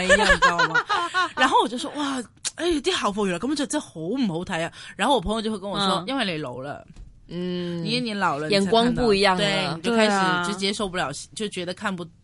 你知道嗎？然後我就說：哇，誒、哎，這校服原來根本就真係好唔好睇啊！然後我朋友就會跟我說：嗯、因為你老了，嗯，因為你老了，眼光不一樣，嗯，對，就開始就接受不了，啊、就覺得看不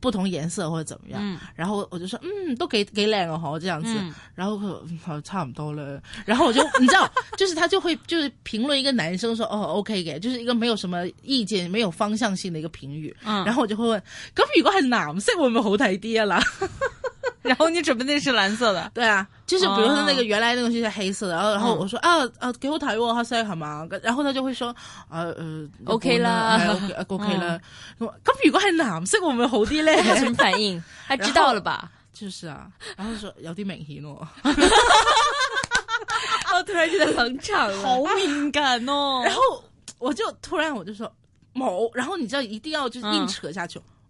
不同顏色或者怎麼樣、嗯，然後我就說，嗯，都給給兩個哈這樣子，嗯、然後好、嗯、差不多了。然後我就你知道， 就是他就會就是評論一個男生說，哦，OK 給，就是一個沒有什麼意見、沒有方向性的一個評語。嗯、然後我就會問，咁如果係藍色會唔會好睇啲啦？ 然後你準備的是藍色的， 對啊。就是比如說那個原來那東西是黑色的，的然後然後我說啊、嗯、啊，給、啊、我調一個紅色好嗎？然後他就會說，啊、呃呃，OK 啦、嗯啊、okay,，OK 啦 o k 了。咁、嗯、如果係藍色會唔會好啲咧？有什麼反應？他 知道了吧？就是啊，然後他說有啲明顯， 我突然間冷場 好敏感哦。 然後我就突然我就說某，然後你知道一定要就是硬扯下去。嗯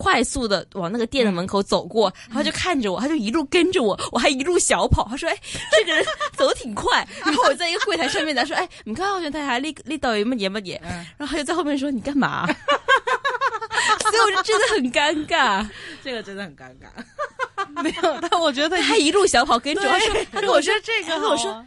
快速的往那個店的門口走過，嗯、然後就看着我、嗯，他就一路跟着我，我還一路小跑。他說：“哎，這個人走的挺快。 ”然後我在一個櫃台上面，他說：“哎，你看，我覺得他還立立度有乜嘢乜嘢。也不也不也嗯”然後他就在後面說：“你幹嘛？” 所以我就真的很尷尬。這個真的很尷尬。沒有，但我覺得他一，他一路小跑跟着我。 他說，他跟我說這個，他跟我說。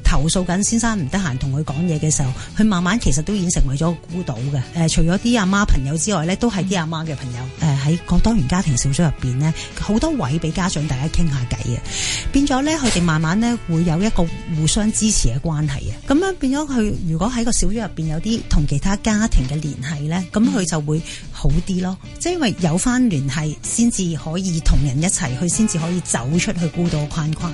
投訴緊先生唔得閒同佢講嘢嘅時候，佢慢慢其實都已經成為咗孤島嘅。誒、呃，除咗啲阿媽朋友之外呢都係啲阿媽嘅朋友。誒、呃，喺個多元家庭小組入邊呢好多位俾家長大家傾下偈啊，變咗呢，佢哋慢慢呢會有一個互相支持嘅關係啊。咁樣變咗，佢如果喺個小組入邊有啲同其他家庭嘅聯繫呢，咁佢就會好啲咯。即係因為有翻聯繫，先至可以同人一齊，佢先至可以走出去孤島框框。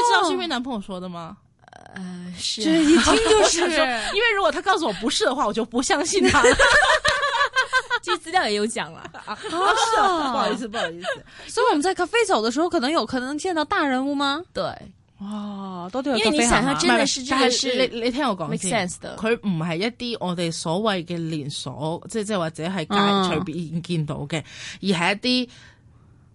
知道是因為男朋友說的嗎？呃，是、啊，一聽就是因為如果他告訴我不是的話，我就不相信他了。 其實資料也有講了啊，啊，是啊，啊，不好意思，不好意思。所、so、以、嗯、我們在咖啡走的時候，可能有可能見到大人物嗎？對，啊，都對，因為你想像，真的是真的是、啊、是，是，你你聽我講 make sense 的。佢唔係一啲我哋所謂的連鎖，即係即係或者係街隨、嗯、便見到嘅，而係一啲。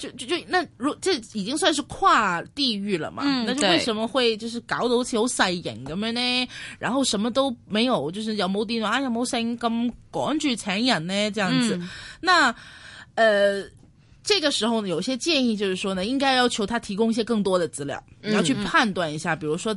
就就就那如這已經算是跨地域了嘛、嗯？那就為什麼會就是搞到好似有晒影咁樣呢？然後什麼都沒有，就是有冇電啊，有冇聲，咁趕住請人呢？這樣子，嗯、那呃這個時候呢有些，建議就是說呢，應該要求他提供一些更多的資料，你要去判斷一下，嗯、比如說。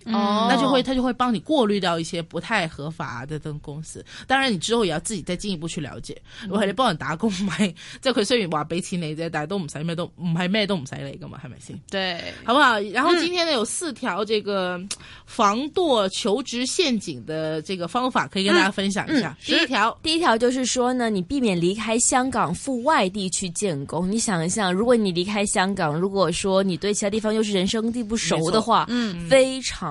哦、嗯，那就會、哦、他就會幫你過濾掉一些不太合法的這種公司。當然，你之後也要自己再進一步去了解。嗯、我還得幫你打工嘛？即係佢雖然話俾錢你啫，但係都唔使咩都唔係咩都唔使嚟噶嘛，係咪先？對，好不好？然後今天呢、嗯、有四條這個防墮求職陷阱的這個方法，可以跟大家分享一下。第一條，第一條就是說呢，你避免離開香港赴外地去建工。你想一想，如果你離開香港，如果說你對其他地方又是人生地不熟的話，嗯，非常。